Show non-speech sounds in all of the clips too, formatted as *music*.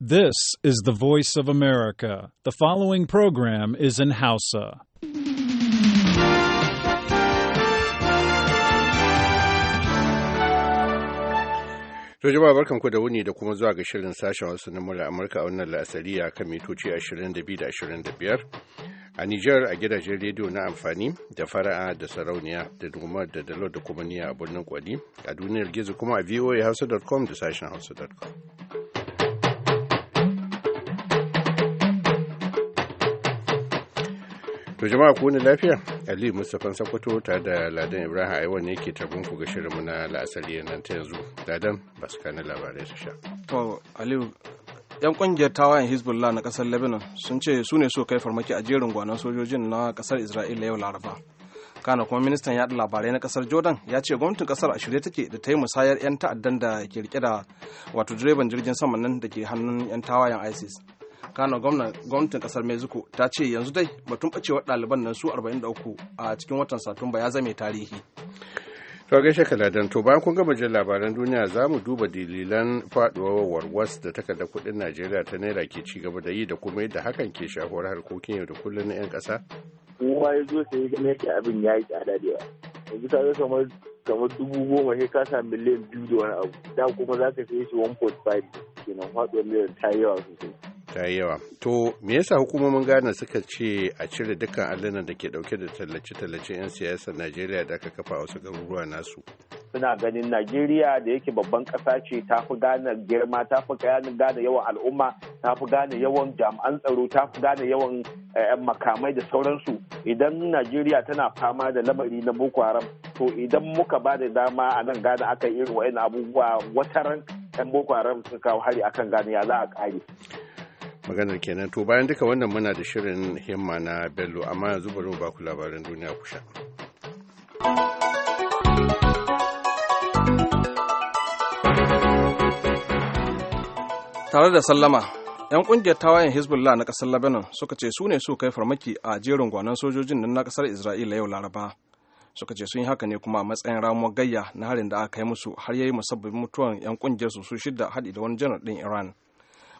This is the voice of America. The following program is in Hausa. To jama'a barkanku da wuni da kuma zuwa ga shirin sashen wasu na mura Amurka a wannan la'asari a kan mitoci 22 25 a Nijar a gidajen rediyo na amfani da fara'a da sarauniya da duma da dalo da kuma niya a birnin kwali a duniyar gizo kuma a voahausa.com da sashen hausa.com. To jama'a ku ne lafiya? aliyu Mustapha sakwato tare da Ladan Ibrahim aiwan ne ke tabin ku ga muna na asali nan ta yanzu. Ladan ba su kana labarai su sha. To Aliyu yan kungiyar tawayen Hezbollah na kasar Lebanon sun ce su ne so kai farmaki a jerin gwanon sojojin na kasar Isra'ila yau Laraba. Kana kuma ministan yaɗa labarai na kasar Jordan ya ce gwamnatin kasar a shirye take da ta yi musayar 'yan ta'addan da ke rike da wato direban jirgin sama nan da ke hannun 'yan tawayen ISIS. kano gwamnatin kasar mexico ta ce yanzu dai batun bacewar ɗaliban nan su 43 a cikin watan satumba ya zame tarihi to gaishe kaladan to bayan kun gama jin labaran duniya za mu duba dalilan faduwar warwas da takarda kudin najeriya ta naira ke ci gaba da yi da kuma yadda hakan ke shahuwar harkokin yau da kullum na 'yan kasa kuma ya zo sai yake abin ya yi tsada da yawa yanzu ka kamar kamar dubu goma sai ka sa miliyan biyu da wani abu da kuma za ka sai shi 1.5 kenan faduwar miliyan ta yi yawa sosai ta yi yawa to me yasa hukumomin ghana suka ce a cire dukkan allunan da ke dauke da tallace-tallace 'yan siyasar najeriya da aka kafa wasu garuruwa nasu suna ganin najeriya da yake babban kasa ce ta fi gane girma ta fi gane yawan al'umma ta fi gane yawan jami'an tsaro ta fi gane yawan eh, makamai da sauransu idan najeriya tana fama da lamari na boko haram to idan muka ba da dama a nan gane aka irin wa'in abubuwa wataran yan boko haram sun kawo hari akan gane ya za a kare maganar kenan to bayan duka wannan muna da shirin himma na bello amma yanzu bari mu ba ku labaran duniya kusha. tare da sallama yan kungiyar tawayen hezbollah na kasar lebanon suka ce su ne su kai farmaki a jerin gwanon sojojin nan na kasar isra'ila yau laraba suka ce sun yi haka ne kuma a matsayin ramuwar gayya na harin da aka kai musu har yayi musabbabin mutuwan yan kungiyar su su shida haɗi da wani janar ɗin iran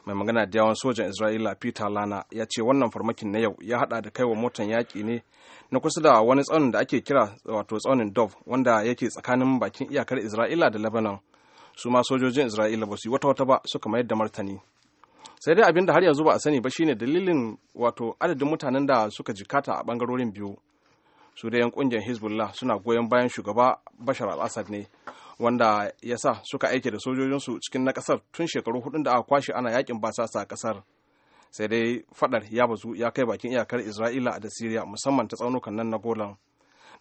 mai magana da yawan sojan isra'ila peter lana ya ce wannan farmakin na yau ya hada da kaiwa motan yaƙi ne na kusa da wani tsaunin da ake kira wato tsaunin dov wanda yake tsakanin bakin iyakar isra'ila da lebanon su ma sojojin isra'ila ba su yi wata wata ba suka mayar da martani sai dai abin da har yanzu ba a sani ba shine dalilin wato adadin mutanen da suka jikata a bangarorin biyu su da yan kungiyar hezbollah suna goyon bayan shugaba bashar al-assad ne wanda ya sa suka aike da sojojinsu cikin na kasar tun shekaru hudun da aka kwashe ana yakin basasa a kasar sai dai fadar ya bazu ya kai bakin iyakar isra'ila da siriya musamman ta tsaunukan nan na golan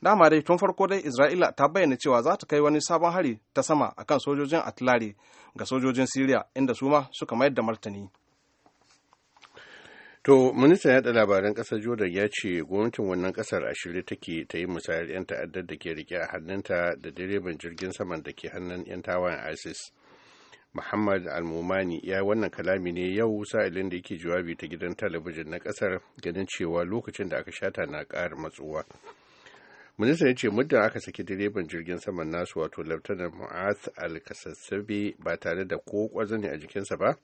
dama dai tun farko dai isra'ila ta bayyana cewa za ta kai wani sabon hari ta sama akan sojojin atilari ga sojojin siriya inda su ma suka mayar da martani To, ministan yaɗa labaran ƙasar Jordan ya ce gwamnatin wannan kasar a shirye take ta yi musayar 'yan ta'addar da ke rike a hannunta da direban jirgin saman da ke hannun 'yan tawayen ISIS. Muhammad Almumani ya wannan kalami ne yau sa'ilin da yake jawabi ta gidan talabijin na kasar ganin cewa lokacin da aka shata na ƙara matsuwa. Ministan ya ce muddin aka saki direban jirgin saman nasu wato Laftanar Mu'ath al ba tare da ko ne a jikinsa ba,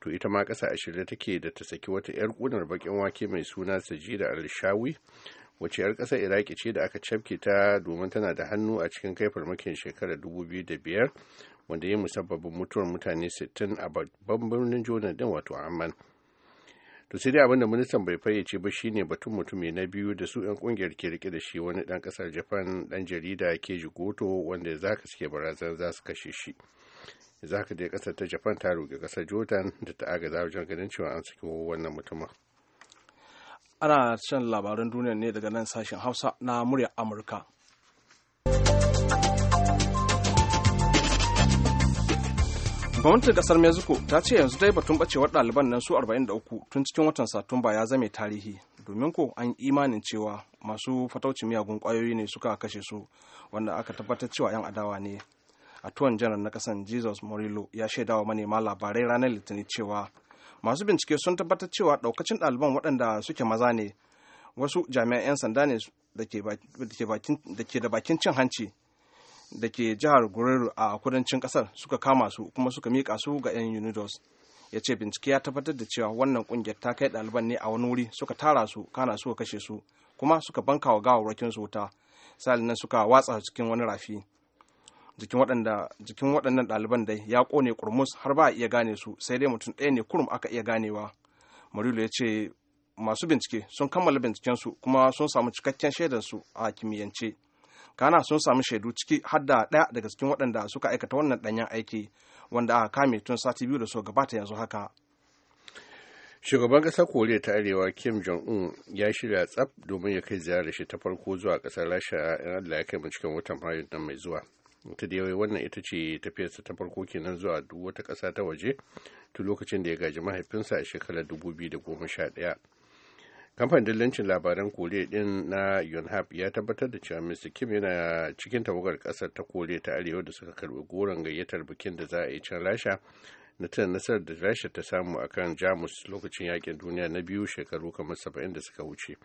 to ita ma ƙasa a shirye take da ta saki wata 'yar kunar bakin wake mai suna sajida al-shawi wacce 'yar ƙasar iraki ce da aka cafke ta domin tana da hannu a cikin kai farmakin shekarar 2005 wanda ya musabbabin mutuwar mutane 60 a babban birnin jordan din wato amman to sai dai abin da ministan bai fayyace ba shine batun mutumi na biyu da su 'yan kungiyar ke rike da shi wani dan kasar japan dan jarida ke goto wanda zaka suke barazan za su kashe shi za ka je kasar ta japan ta roƙi kasar jordan da ta agaza wajen ganin cewa an saki wannan mutumin ana shan labaran duniya ne daga nan sashen hausa na murya amurka gwamnatin kasar mexico ta ce yanzu dai batun bacewar ɗaliban nan su 43 tun cikin watan satumba ya zame tarihi domin ko an imanin cewa masu fataucin miyagun kwayoyi ne suka kashe su wanda aka tabbatar cewa 'yan adawa ne a tuwon janar na kasan jesus morillo ya shaidawa manema labarai ranar litinin cewa masu bincike sun tabbatar cewa daukacin ɗaliban waɗanda suke maza ne wasu jami'an 'yan sanda ne da ke da bakin cin hanci da ke jihar guerrero a kudancin kasar suka kama su kuma suka miƙa su ga 'yan unidos ya ce bincike ya tabbatar da cewa wannan kungiyar ta kai ɗaliban ne a wani wuri suka tara su kana suka kashe su kuma suka banka wa gawarwakin su wuta sa'ilin suka watsa cikin wani rafi jikin waɗanda jikin waɗannan ɗaliban dai ya ƙone kurmus har ba a iya gane su sai dai mutum ɗaya ne kurum aka iya ganewa marilu ya ce masu bincike sun kammala bincikensu kuma sun samu cikakken su a kimiyyance kana sun samu shaidu ciki har da ɗaya daga cikin waɗanda suka aikata wannan ɗanyen aiki wanda aka kame tun sati biyu da so gabata yanzu haka shugaban ƙasar koriya ta arewa kim jong-un ya shirya tsaf domin ya kai ziyarar shi ta farko zuwa ƙasar rasha in allah ya kai cikin watan mayu nan mai zuwa ta dai wannan ita ce tafiyarsa ta farko kenan zuwa duk wata ƙasa ta waje tun lokacin da ya gaji mahaifinsa a shekarar 2011 kamfanin dillancin labaran koriya din na yonhap ya tabbatar da cewa mr kim yana cikin tawagar ƙasar ta koriya ta arewa da suka karbi goron gayyatar bikin da za a yi can rasha na tana nasarar da rasha ta samu akan jamus lokacin yakin duniya na biyu shekaru kamar saba'in da suka wuce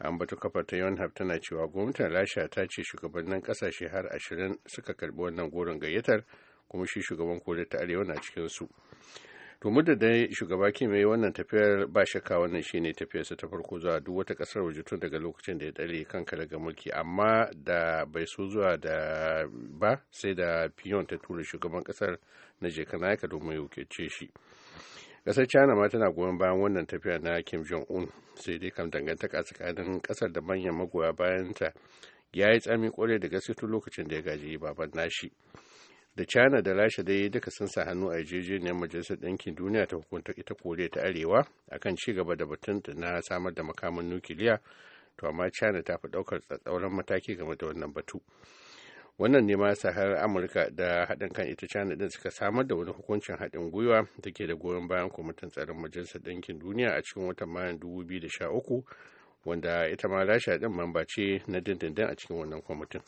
ambatu kafar ta yonhap tana cewa gwamnatin rasha ta ce shugabannin kasashe har ashirin suka karbi wannan goron gayyatar kuma shi shugaban koriya ta arewa na cikinsu to muda dai shugaba ke mai wannan tafiyar ba shakka wannan shine tafiyarsa ta farko zuwa duk wata kasar waje tun daga lokacin da ya tsare kan ga mulki amma da bai so zuwa da ba sai da piyon ta tura shugaban kasar na jeka nayaka domin ya shi kasar china ma tana goyon bayan wannan tafiya na kim jong un sai dai kam dangantaka tsakanin kasar da manyan magoya bayanta ya yi tsami kwarai da gaske tun lokacin da ya gaji baban nashi da china da rasha dai duka sun sa hannu a yarjejeniyar majalisar ɗinkin duniya ta hukunta ita koriya ta arewa akan ci gaba da batun na samar da makamin nukiliya to amma china ta fi ɗaukar tsatsauran mataki game da wannan batu wannan ne ma ya har amurka da haɗin kan ita china ɗin suka samar da wani hukuncin haɗin gwiwa da ke da goyon bayan kwamitin tsaron majalisar ɗinkin duniya a cikin watan mayan 2013 wanda ita ma rasha ɗin mamba ce na dindindin a cikin wannan kwamitin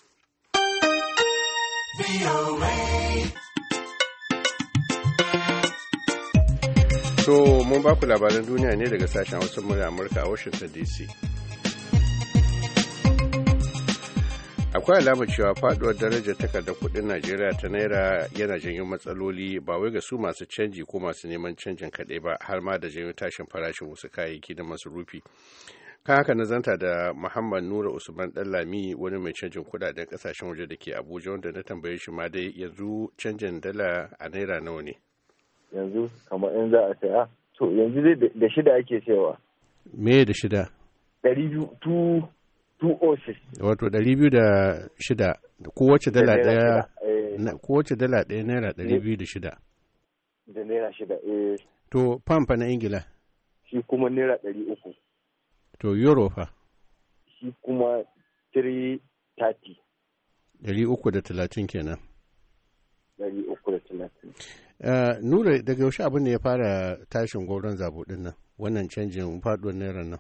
so mun ba ku labaran duniya ne daga sashen wasu murya amurka a washington dc akwai alamar cewa faduwar darajar takardar kudin najeriya ta naira yana janyo matsaloli ba wai ga su masu canji ko masu neman canjin kaɗai ba har ma da janyo tashin farashin wasu kayayyaki da masurufi kan haka na zanta da muhammad nura usman dallami wani mai canjin kudaden kasashen waje da ke abuja wanda na tambaye shi ma dai yanzu canjin dala a naira nawa ne yanzu kamar in za a saya to yanzu da shida ake cewa me da shida ɗari biyu 206 wato 206 eh. kowace dala daya kowace dala daya naira 206 da naira 6 eh to pampa na ingila shi kuma naira 300 to euro fa shi kuma 330 330 kenan 330 Uh, eh, nura daga yaushe abin da ya fara tashin gwauron zabuɗin nan wannan canjin faɗuwar naira nan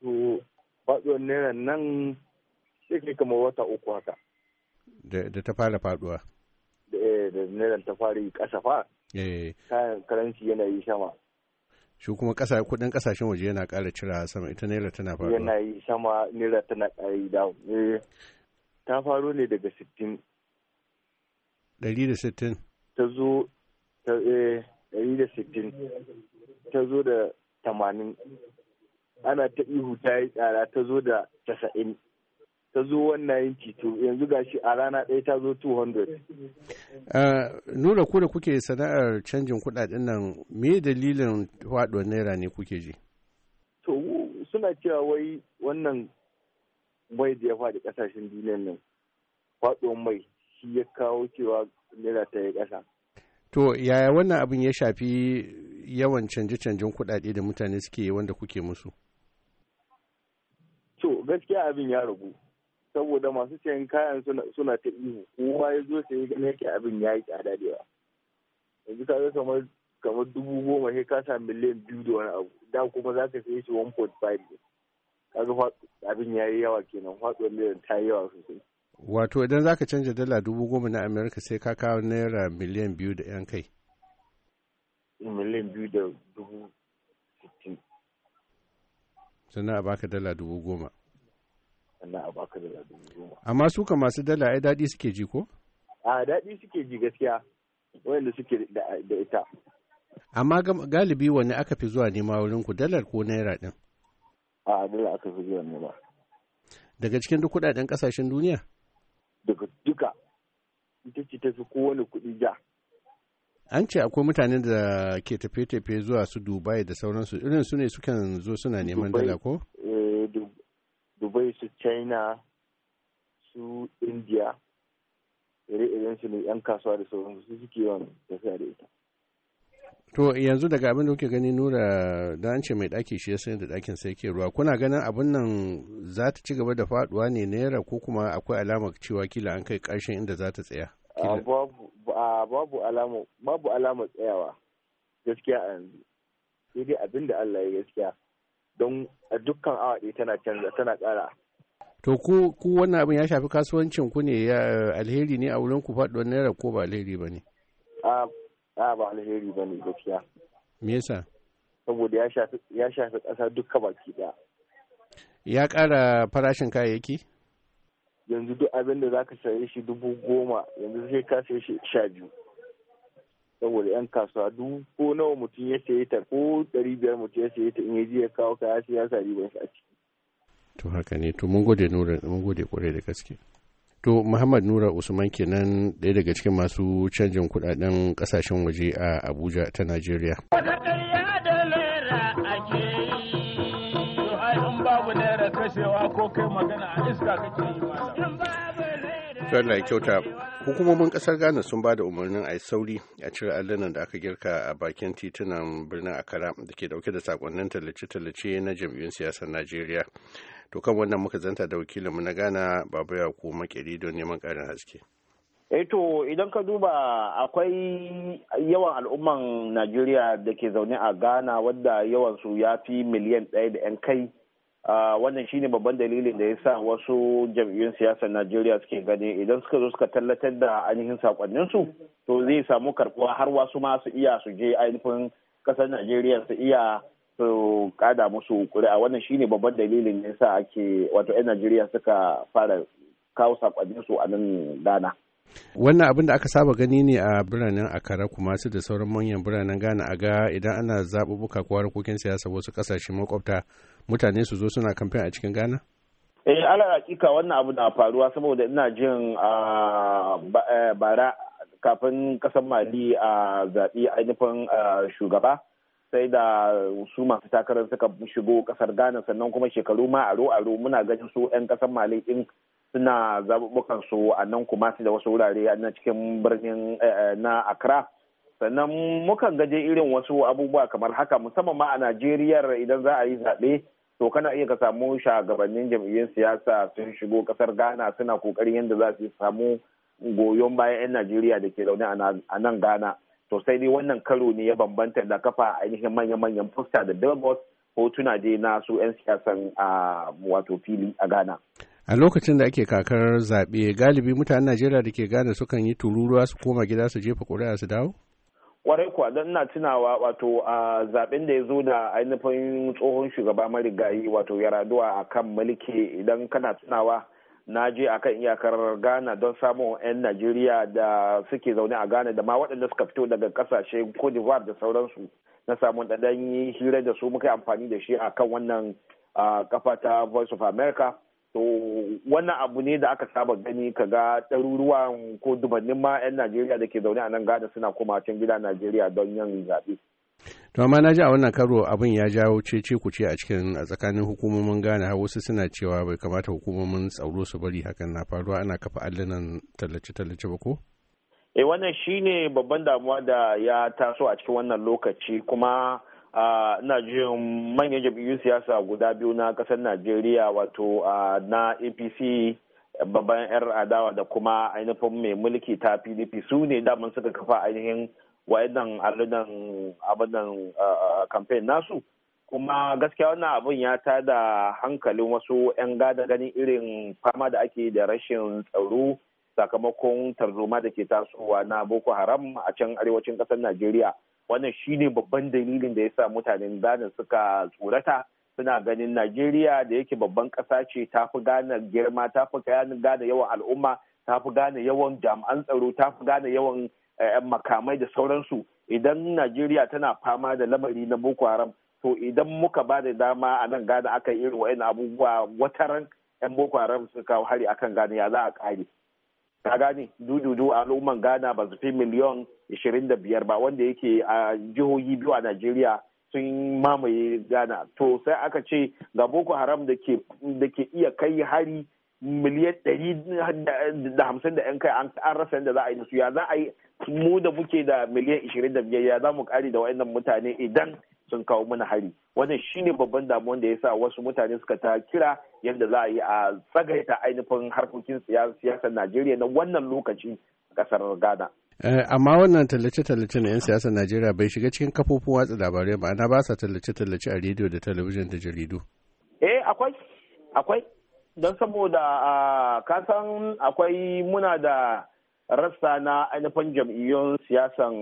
to faduwar naira nan sai kai kamar wata uku haka da ta fara faduwa eh, da naira ta fara yi ƙasa fa eh. kayan karanci yana yi sama shi kuma ƙasa kudin ƙasashen waje yana ƙara cira sama ita naira tana faruwa yana yi sama naira tana ƙara yi da eh, ta faro ne daga sittin ɗari da sittin ta zo ta ɗari da sittin ta zo da tamanin ana ta ihu ta yi tsara ta zo da casa'in ta zo wannan yanki to yanzu gashi a rana ɗaya ta zo 200. Eh, nuna ku da kuke sana'ar canjin kudaden nan me dalilin faɗuwar naira ne kuke ji? to suna cewa wai wannan mai da ya faɗi ƙasashen duniyan nan faɗuwar mai shi ya kawo cewa naira ta yi ƙasa. to yaya wannan abin ya shafi yawan canje-canjen kuɗaɗe da mutane suke wanda kuke musu? gaskiya abin ya ragu saboda masu sayan kayan suna ta ihu kowa ya zo sai ganin yake abin ya yi tsada da yawa yanzu ka zo kamar kamar dubu goma sai ka sami miliyan biyu da wani abu da kuma za ka sayi shi 1.5 ka ga abin ya yi yawa kenan faɗuwar miliyan ta yi yawa sosai wato idan za ka canja dala dubu goma na amerika sai ka kawo naira miliyan biyu da yan kai miliyan biyu da dubu sittin sannan a baka dala dubu goma sannan a baka da dubu goma. Amma su ka masu dala ai daɗi suke ji ko? A daɗi suke ji gaskiya wanda suke da ita. Amma galibi wani aka fi zuwa nema wurin ku dalar ko naira ɗin? A dalar aka fi zuwa nema. Daga cikin duk kuɗaɗen ƙasashen duniya? Daga duka ita ce ta fi kowane kuɗi ja. An ce akwai mutanen da ke tafe-tafe zuwa su Dubai da sauransu irin su ne sukan zo suna neman dala ko? china su india ire-iren su ne 'yan kasuwa da sauransu su suke yawan tafiya da ita to yanzu daga abin da kuke gani nura da an ce mai daki shi ya da dakin sai ke ruwa kuna ganin abin nan za ta ci gaba da faduwa ne naira ko kuma akwai alama cewa kila an kai karshen inda za ta tsaya babu alama tsayawa gaskiya a yanzu sai dai abin da Allah ya gaskiya don a dukkan awa ɗaya tana canza tana kara. to ku ku wannan abin ya shafi kasuwancin ku ne alheri ne a wurin ku faɗuwar naira ko ba alheri ba ne a ba alheri ba ne gaskiya me yasa saboda ya shafi ya shafi ƙasa duka baki da ya ƙara farashin kayayyaki yanzu duk abin da zaka saye shi dubu goma yanzu sai ka saye shi sha biyu saboda yan kasuwa duk ko nawa mutum ya saye ta ko ɗari biyar mutum ya saye ta in ya je ya kawo kaya sai ya sa riban shi a ciki to haka ne to mun gode nura mun gode kwarai da gaske to muhammad nura usman kenan ɗaya daga cikin masu canjin kudaden kasashen waje a abuja ta najeriya kashewa ko kai magana kyauta hukumomin kasar Ghana sun ba da umarnin a sauri a cire allunan da aka girka a bakin titunan birnin Akara da ke dauke da sakonnin tallace-tallace na jam'iyyun siyasar Najeriya. to kan wannan muka zanta da mu na gana babu ya ko makeri don neman ƙarin haske eh to idan ka duba akwai yawan al'umman najeriya da ke zaune a ghana wadda yawansu ya fi miliyan ɗaya da 'yan kai ah, wannan shine babban dalilin da ya sa wasu jam'iyyun siyasar najeriya suke gani idan suka zo suka tallatar da ainihin sakonnin su to zai samu karbuwa har wasu ma su iya su je ainihin ƙasar najeriya su iya su kada musu kuri'a wannan shine babban dalilin da yasa ake wato 'yan Najeriya suka fara kawo sakonnin su a nan Ghana. Wannan abin da aka saba gani ne a biranen Akara kuma su da sauran manyan biranen Ghana a ga idan ana zaɓuɓɓuka ko harkokin siyasa wasu ƙasashe makwabta mutane su zo suna kamfen a cikin Ghana? Eh, ala hakika wannan abu na faruwa saboda ina jin eh, bara kafin kasan Mali a zaɓi ainihin shugaba. sai da su masu takarar suka shigo kasar ghana sannan kuma shekaru ma aro aro muna ganin su 'yan kasar mali din suna zabubukan su a nan kuma su da wasu wurare na cikin birnin eh, eh, na accra sannan mukan gaje irin wasu abubuwa kamar haka musamman ma a najeriya idan za a yi zaɓe to kana iya ka samu shugabannin jam'iyyun siyasa sun shigo kasar ghana suna kokarin yadda za su samu goyon bayan 'yan najeriya da ke zaune a nan ghana sosai sai dai wannan karo ne ya bambanta da kafa ainihin manya-manyan fosta da billboard hotuna dai na su 'yan siyasan a wato fili a ghana a lokacin da ake kakar zaɓe galibi mutanen najeriya da ke ghana sukan yi tururuwa su koma gida su jefa ƙuri'a su dawo kwarai kuwa don na tunawa wato a zaɓen da ya zo da ainihin tsohon shugaba marigayi wato yaraduwa a kan mulki idan kana tunawa na je akan iyakar ghana don samun 'yan najeriya da suke zaune a ghana da ma waɗanda suka fito daga ƙasashen ko d'ivoire da sauransu na samun yi hira da su muka amfani da shi a kan wannan kafa ta voice of america to wannan abu ne da aka saba gani kaga ɗaruruwan ko dubannin ma 'yan najeriya da ke zaune a nan ghana suna koma can gida najeriya don yin zaɓe to amma na ji a wannan karo abin ya jawo cece ku ce a cikin a tsakanin hukumomin Ghana har wasu suna cewa bai kamata hukumomin tsaro su bari hakan na faruwa ana kafa allunan tallace-tallace ba ko? E wannan shine babban damuwa da ya taso a cikin wannan lokaci kuma ina jin manyan jam'iyyun siyasa guda biyu na kasar Najeriya wato na APC babban 'yar adawa da kuma ainihin mai mulki ta PDP su ne daman suka kafa ainihin wayannan abin nan eh, eh, campaign nasu kuma gaskiya wannan abun ya tada hankalin wasu 'yan gada ganin irin fama da ake da rashin tsaro sakamakon tarzoma da ke tasowa na boko haram a can arewacin kasar najeriya wannan shine babban dalilin da ya sa mutanen ghana suka tsorata suna ganin najeriya da yake babban ƙasa ce ta fi gane girma ta fi gane yawan al'umma ta fi gane yawan jami'an tsaro ta fi gane yawan Eh, makamai da sauransu idan najeriya tana fama da lamari na boko haram to idan muka ba da dama a nan gana aka yi irin wa'in abubuwa wataran 'yan boko haram sun kawo hari akan gane ya za a kare ka gane dududu al'umman gana ba su fi miliyon 25 ba wanda yake a jihohi biyu a najeriya sun mamaye gana to sai aka ce ga boko haram da ke iya kai hari miliyan ɗari da da yan kai an rasa yadda za a yi da su ya za a yi mu da muke da miliyan 25 ya za mu kare da wannan mutane idan sun kawo mana hari wannan shine babban damuwan da ya sa wasu mutane suka ta kira yadda za a yi a tsagaita ainihin harkokin siyasar najeriya na wannan lokaci kasar ghana eh, amma wannan tallace-tallace na 'yan siyasar najeriya bai shiga cikin kafofin watsa labarai ba na ba sa tallace-tallace a rediyo da talabijin da jaridu eh akwai akwai don saboda ah, kasan akwai muna da rassa na ainihin jam'iyyun siyasan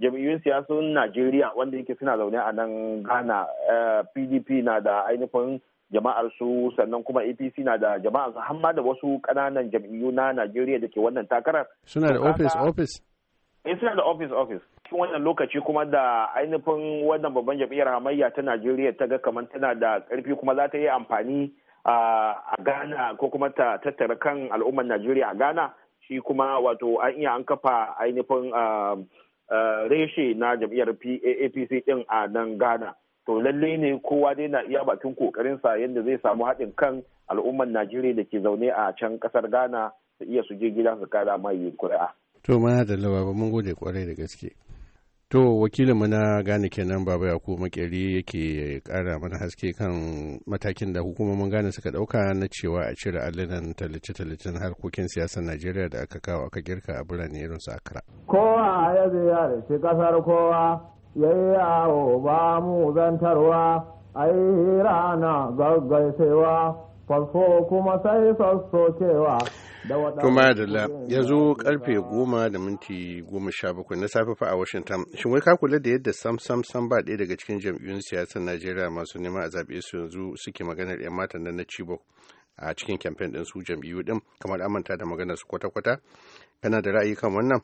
jam'iyyun siyasun Najeriya wanda yake suna zaune a nan Ghana PDP eh, na da ainihin jama'ar su sannan kuma APC na da jama'ar su hamma da wasu kananan jam'iyyu na Najeriya da ke wannan takarar suna da office office in suna da office office cikin wannan lokaci kuma da ainihin wannan babban jam'iyyar hamayya ta Najeriya ta ga kamar tana da karfi kuma za ta yi amfani ah, a Ghana ko kuma ta tattara kan al'ummar Najeriya a Ghana shi kuma wato an iya an kafa ainihin ah, ah, reshe na jam'iyyar apc din a nan ghana to lalle ne kowa dai na iya bakin kokarin sa yadda zai samu haɗin kan al'ummar najeriya da ke zaune a can kasar ghana su iya su je gida su kada mai kuri'a to mana da lawa mun gode kwarai da gaske To wakilinmu na gane kenan baba ya makeri yake kara mana haske kan matakin da hukumomin gane suka dauka na cewa a cire allunan tallace-tallacen harkokin siyasar Najeriya da aka kawo aka girka a birane irin su akara Kowa ya ziyarci kasar kowa ya yi yawo ba mu zantarwa a yi hira na gaggaisewa fasfo kuma sai fassocewa. To madalla ya zo karfe goma da minti goma sha bakwai na safe fa a Washington. Shin wai ka kula da yadda sam sam sam ba ɗaya daga cikin jam'iyyun siyasar Najeriya masu nema a zaɓe su yanzu suke maganar 'yan matan nan na Chibok a cikin kamfen ɗin su jam'iyyu ɗin kamar amanta da maganar su kwata-kwata? Kana da ra'ayi kan wannan?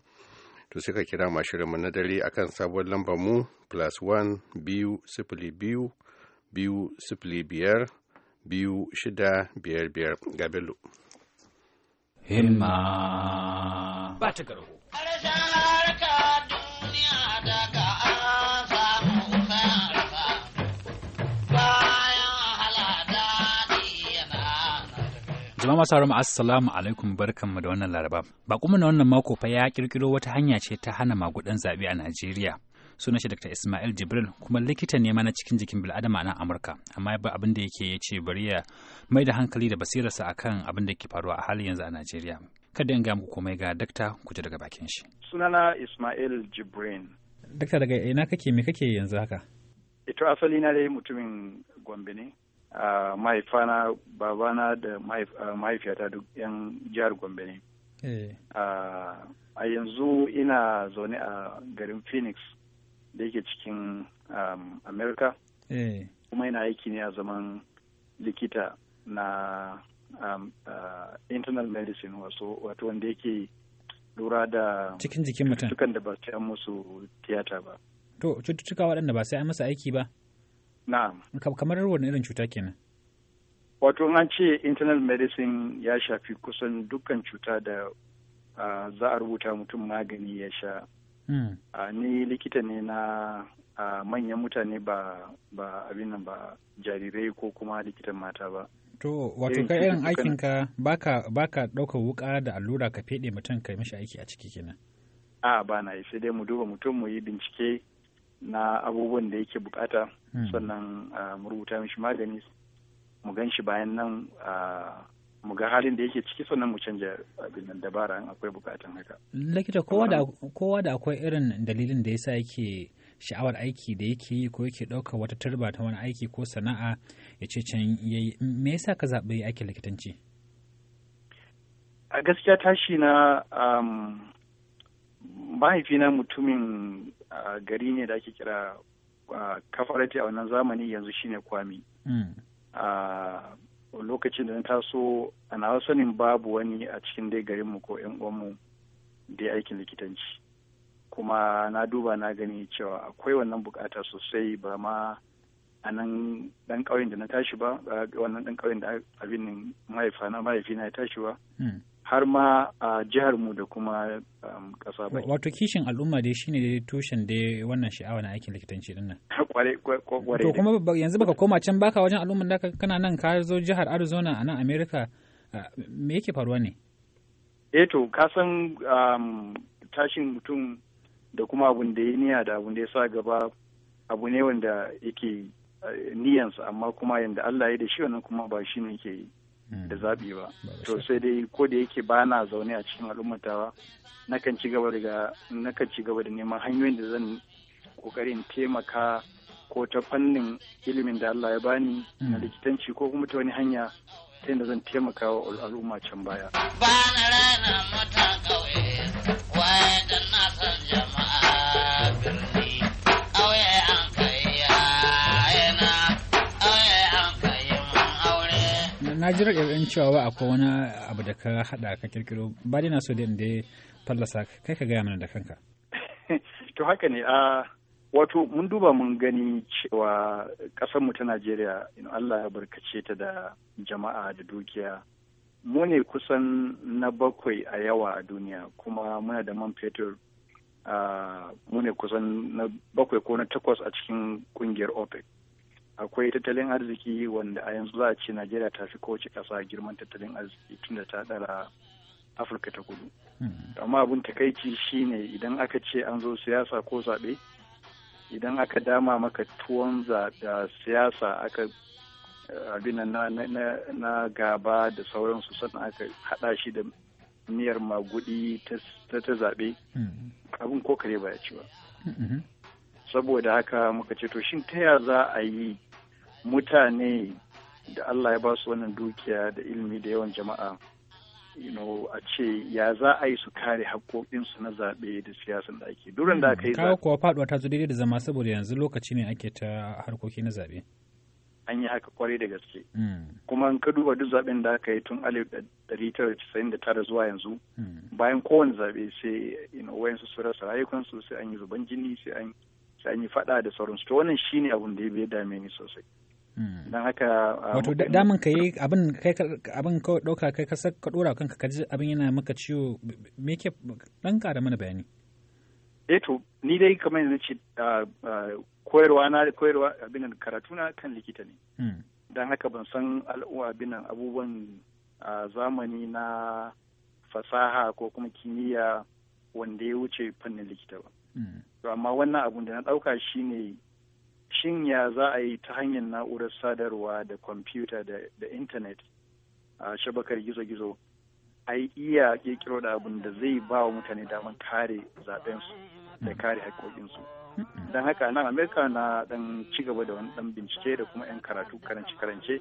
To sai ka kira ma shirinmu na dare akan sabuwar lambar mu plus one biyu sifili biyu biyu sifili biyar biyu shida biyar biyar ga Bello. himma ba ta garho. Jama'a masu haramu assalamu alaikum barkanmu da wannan laraba. Ba kuma na wannan mako fa ya kirkiro wata hanya ce ta hana magudan zaɓe a Najeriya. sunan shi Dr. Ismail Jibril kuma likita ne mana cikin jikin bil'adama na Amurka amma ba abin da yake ya ce bari ya mai da hankali da basirarsa akan abin da ke faruwa a halin yanzu a Najeriya. Kada in ga muku komai ga dakta ku ji daga bakin shi. Sunana Ismail Jibrin. Dakta daga ina kake me kake yanzu haka? Ito asali na dai mutumin Gombe ne. Uh, mahaifana babana da ah, mahaifiyata duk yan jihar Gombe ne. Eh. Ah, a yanzu ina zaune a garin Phoenix da yake cikin um, america eh. kuma yana aiki ne a zaman likita na um, uh, internal medicine wato wanda yake lura da cikin jikin mutum cututtukan da ba sai an musu tiyata ba to cututtuka waɗanda ba sai an masa aiki ba na'am kamar wani irin cuta kenan wato an ce internal medicine ya shafi kusan dukkan cuta da uh, za a rubuta mutum magani ya sha Mm. Ah, ni likita ne na ah, manyan mutane ba ba abin nan ba jarirai ko kuma likitan mata ba to wato eh, ka irin aikinka baka baka ɗaukar wuka da allura ka feɗe mutum kai mishi aiki a ciki kenan a ah, ba na yi sai dai mu duba mutum mu yi bincike na abubuwan da yake bukata hmm. sannan mu rubuta mishi magani mu gan shi bayan nan mu ga halin da yake ciki sannan mu canja abin nan dabara in akwai bukatan haka. Likita kowa da akwai irin dalilin da yasa yake sha'awar aiki da yake yi ko yake ɗaukar wata turba ta wani aiki ko sana'a ya ce can ya yi me yasa ka zaɓi aikin likitanci? A gaskiya tashi na um, mahaifina mutumin gari ne da ake kira kafarati a wannan zamani yanzu shine kwami. Mm. lokacin da na taso a na sanin babu wani a cikin dai garinmu ko yan uwanmu dai aikin likitanci kuma na duba na gani cewa akwai wannan bukata sosai ba ma a nan dan ƙauyen da na tashi ba wannan dan ƙauyen da abin mahaifana mahaifina ya tashi ba hmm. har ma a jihar mu da kuma kasa um, ba. Wato kishin al'umma dai shine dai tushen dai wannan sha'awa na aikin likitanci din nan. Kware To kuma yanzu baka koma can baka wajen al'umman da kana nan ka zo jihar Arizona a nan America me yake faruwa ne? Eh to ka san um, tashin mutum da kuma abun da ya niya da abun da ya sa gaba abu ne wanda yake eh, niyansa amma kuma yanda Allah ya da shi wannan kuma ba shi ne yake yi. Mm. da zaɓi ba to sai dai ko da yake ba na zaune a cikin al'ummatawa nakan ci gaba da nakan ci gaba da neman hanyoyin da zan kokarin taimaka ko ta fannin ilimin da Allah ya bani na mm. likitanci ko kuma ta wani hanya ta yadda zan taimaka wa al'umma can baya. Ba na rana na ji raɗaɗin cewa ba akwai wani abu da ka haɗa ka kirkiro ba dai na so da inda fallasa kai ka gaya mana da kanka. *laughs* to haka ne a wato mun duba mun gani cewa ƙasarmu ta najeriya allah ya barkace ta da jama'a da dukiya mu ne kusan na bakwai a yawa a duniya kuma muna da man fetur mu ne kusan na bakwai ko na takwas a cikin kungiyar opec akwai tattalin arziki wanda a yanzu za a ce najeriya ta fi kowace ƙasa girman tattalin arziki tunda ta ɗara afirka ta kudu hmm. amma abin takaici shine idan aka ce an zo siyasa ko zaɓe idan aka dama maka tuwon da siyasa aka eh, abin na, gaba da sauransu sannan aka haɗa shi da niyyar magudi ta, ta, zaɓe hmm. abin ko kare ba ya ci ba hmm, saboda haka muka ce to shin ta ya za a yi mutane da Allah ya ba su wannan dukiya da ilimi da yawan jama'a a ce ya za a yi su kare haƙoƙinsu na zaɓe da siyasan da ake durin da aka yi kawo kuwa faɗuwa ta zo daidai da zama saboda yanzu lokaci ne ake ta harkoki na zaɓe an yi haka kwarai da gaske hmm. kuma in ka duba duk zaɓen da aka yi tun alif ɗari tara casa'in da tara zuwa yanzu hmm. bayan kowane zaɓe sai you know, wayansu su rasa rayukansu sai an yi zuban jini sai an yi faɗa da sauransu to wannan shine abun da ya dame ni sosai Hmm. don haka ah, wato damin ka yi abin kai ka ɗauka kai ka ka ɗora kanka ka ji abin yana maka ciwo me ke ɗan ƙara mana bayani E to ni dai kamar yanzu ce ah, ah, koyarwa na koyarwa abin karatu na kan likita ne hmm. don haka ban san al'uwa abin abubuwan zamani na fasaha ko kuma kimiyya wanda ya wuce fannin likita ba hmm. to amma wannan abun da na ɗauka shine shin ya za a yi ta hanyar na'urar sadarwa da kwamfuta da intanet a shabakar gizo-gizo a iya kirkiro da abin da zai ba wa mutane damar kare zaɓensu da kare haƙoƙinsu don haka nan amerika na ɗan ci gaba da wani ɗan bincike da kuma 'yan karatu karance-karance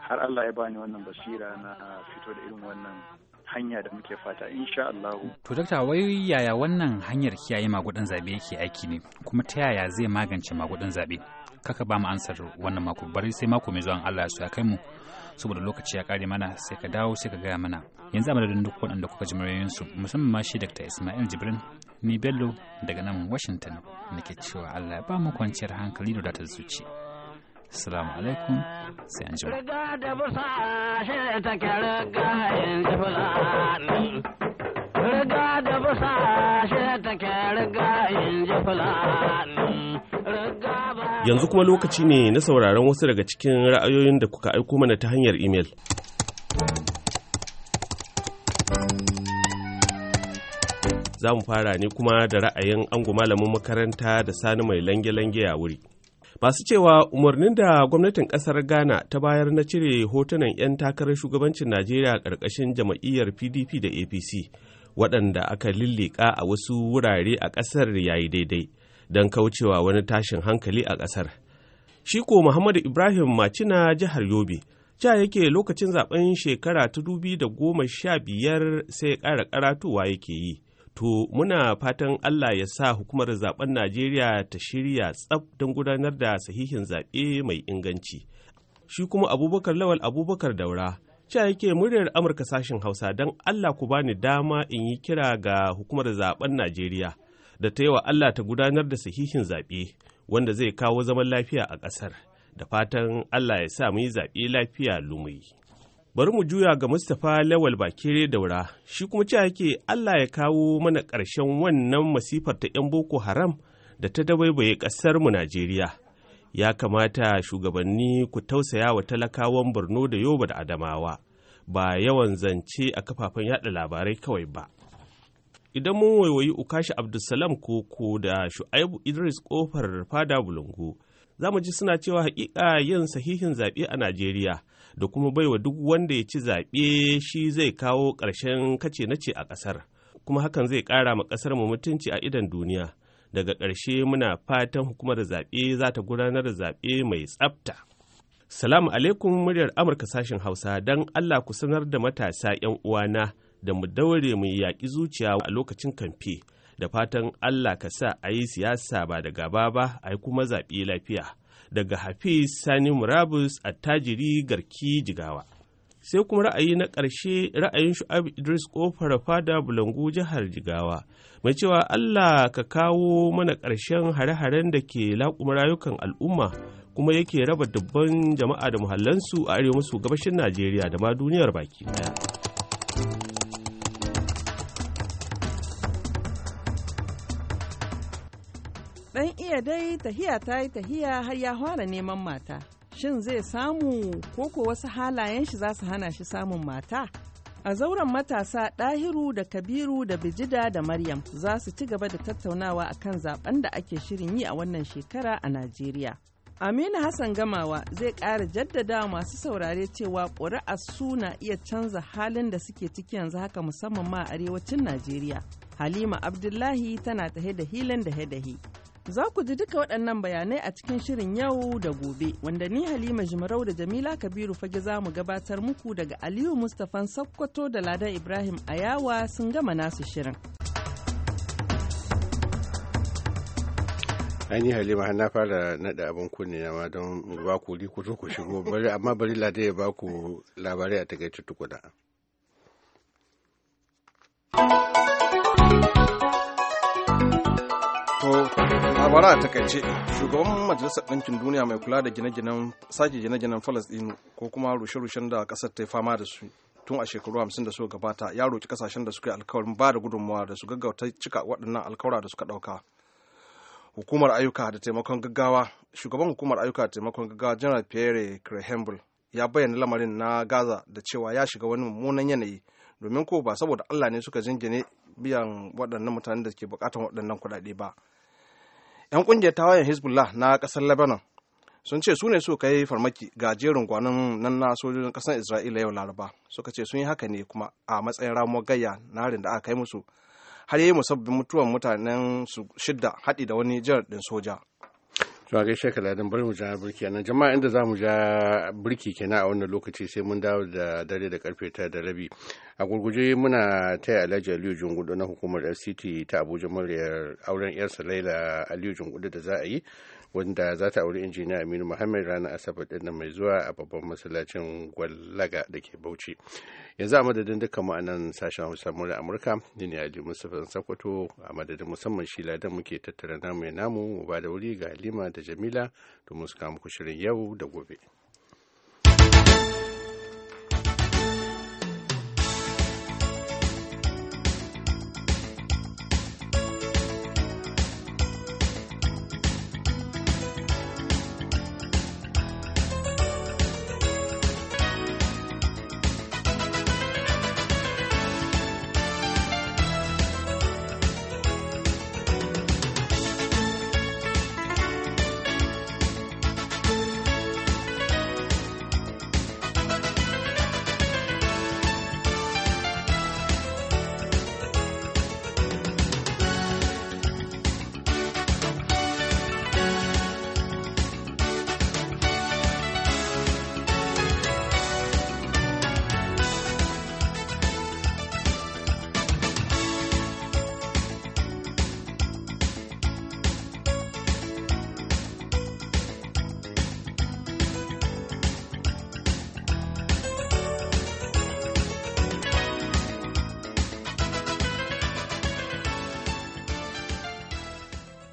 har allah ya bani wannan basira na fito da irin wannan hanya da muke fata insha Allah. To dakta wai yaya wannan hanyar kiyaye magudan zabe yake aiki ne kuma ta yaya zai magance magudan zabe? Kaka ba mu ansar wannan mako bari sai mako mai zuwa Allah su ya kai mu saboda lokaci ya kare mana sai ka dawo sai ka gaya mana. Yanzu a madadin duk waɗanda kuka ji su musamman ma shi dakta Ismail Jibrin ni Bello daga nan Washington nake cewa Allah ya ba mu kwanciyar hankali da wadatar zuci. Assalamu alaikum sai an shi Yanzu kuma lokaci ne na sauraron wasu daga cikin ra'ayoyin da kuka aiko mana ta hanyar imel. Za mu fara ne kuma da ra'ayin ango malamin makaranta da sani mai lange-lange a wuri. masu cewa umarnin da gwamnatin kasar ghana ta bayar na cire hotunan 'yan takarar shugabancin najeriya ƙarƙashin jama'iyyar pdp da apc waɗanda aka lillika a wasu wurare a ƙasar ya yi daidai don kaucewa wani tashin hankali a ƙasar shi ko muhammadu ibrahim macina jihar yobe ja yake lokacin zaben shekara ta dubi da goma sha biyar sai ƙara karatuwa yake yi To muna fatan Allah ya sa hukumar zaben Najeriya ta shirya tsaf don gudanar da sahihin zaɓe mai inganci. Shi kuma Abubakar Lawal Abubakar Daura, cewa yake muryar Amurka sashen Hausa don Allah ku bani dama in yi kira ga hukumar zaben Najeriya da ta yawa Allah ta gudanar da sahihin zaɓe wanda zai kawo zaman lafiya a ƙasar. Da fatan Allah ya sa mu yi zaɓe lafiya lumai. bari mu juya ga Mustapha Lawal Bakire Daura, shi kuma ce yake Allah ya kawo mana ƙarshen wannan masifar ta 'yan Boko Haram da ta dabaibaye ƙasar mu Najeriya. Ya kamata shugabanni ku tausaya wa talakawan Borno da Yoba da Adamawa, ba yawan zance a kafafen yaɗa labarai kawai ba. Idan mun waiwayi Ukashi Abdulsalam Koko da Shu'aibu Idris Kofar Fada Bulungu, za mu ji suna cewa hakika yin sahihin zaɓe a Najeriya da kuma baiwa duk wanda ya ci zaɓe shi zai kawo ƙarshen kace nace a ƙasar kuma hakan zai ƙara ma ƙasar mu mutunci a idon duniya daga ƙarshe muna fatan hukumar zaɓe za ta gudanar da zaɓe mai tsafta salamu alaikum muryar amurka sashen hausa don allah ku sanar da matasa 'yan uwana da mu daure mu yaƙi zuciya a lokacin kamfe da fatan allah ka sa a yi siyasa ba da gaba ba a yi kuma zaɓe lafiya daga Hafiz Sani Murabus attajiri garki jigawa. Sai kuma ra'ayi na ƙarshe ra'ayin Shu'ab Idris Kofar Fada Bulangu jihar Jigawa mai cewa Allah ka kawo mana ƙarshen hare-haren da ke laƙuma rayukan al'umma kuma yake raba dubban jama'a da muhallansu a arewa maso gabashin Najeriya da ma duniyar baki ɗaya. jiya dai tahiya ta yi tahiya har ya fara neman mata. Shin zai samu koko wasu halayen shi za su hana shi samun mata? A zauren matasa ɗahiru da Kabiru da Bijida da Maryam za su ci gaba da tattaunawa akan zaben da ake shirin yi a wannan shekara a Najeriya. Aminu Hassan Gamawa zai ƙara jaddada masu saurare cewa ƙuri'ar su na iya canza halin da suke ciki yanzu haka musamman ma a arewacin Najeriya. Halima Abdullahi tana tahe da hilin da hedahi. Za ku ji duka waɗannan bayanai a cikin shirin yau da gobe wanda ni Halima Jimarau da Jamila Kabiru fage za mu gabatar muku daga Aliyu Mustafan Sokoto da Lada Ibrahim Ayawa sun gama nasu shirin. an yi halima na fara naɗa abin kunne na ma don ba ku ku zo ku shigo amma bari lada ya ba ku labarai a takaice tukuna. labara a takaice shugaban majalisar ɗinkin duniya mai kula da gine-ginen sake gine-ginen falastinu ko kuma rushe-rushen da ƙasar ta yi fama da su tun a shekaru hamsin da suka gabata ya roƙi ƙasashen da suka yi alkawarin ba da gudunmawa da su gaggauta cika waɗannan alkawura da suka ɗauka hukumar ayyuka da taimakon gaggawa shugaban hukumar ayyuka da taimakon gaggawa general pierre crehemble ya bayyana lamarin na gaza da cewa ya shiga wani mummunan yanayi domin ko ba saboda allah ne suka jingine biyan waɗannan mutanen da ke buƙatar waɗannan kuɗaɗe ba 'yan kungiyar tawayen hezbollah na kasar lebanon sun ce su ne su kai farmaki ga jerin gwanon nan na sojojin kasar isra'ila yau laraba suka ce sun yi haka ne kuma a matsayin ramuwar gayya na harin da aka kai musu har yi musabbin mutuwan mutanen su shidda haɗi da wani jihar ɗin soja ba gaishe ka bari mu ja birki nan jama'a inda za mu ja birki kenan a wannan lokaci sai mun dawo da dare da karfe ta da rabi a gurguje muna taya alhaji aliyu jungudu na hukumar fct ta abuja muryar auren yarsa laila aliyu jungudu da za a yi wanda za ta auri injiniya aminu muhammad ranar asabar ɗin mai zuwa a babban masallacin gwallaga da ke bauchi yanzu a madadin dukkan ma'anan sashen hausa murar amurka ni ne aji mustapha sakwato a madadin musamman shi ladan muke tattara namu ya namu mu ba da wuri ga halima da jamila domin su kama kushirin yau da gobe.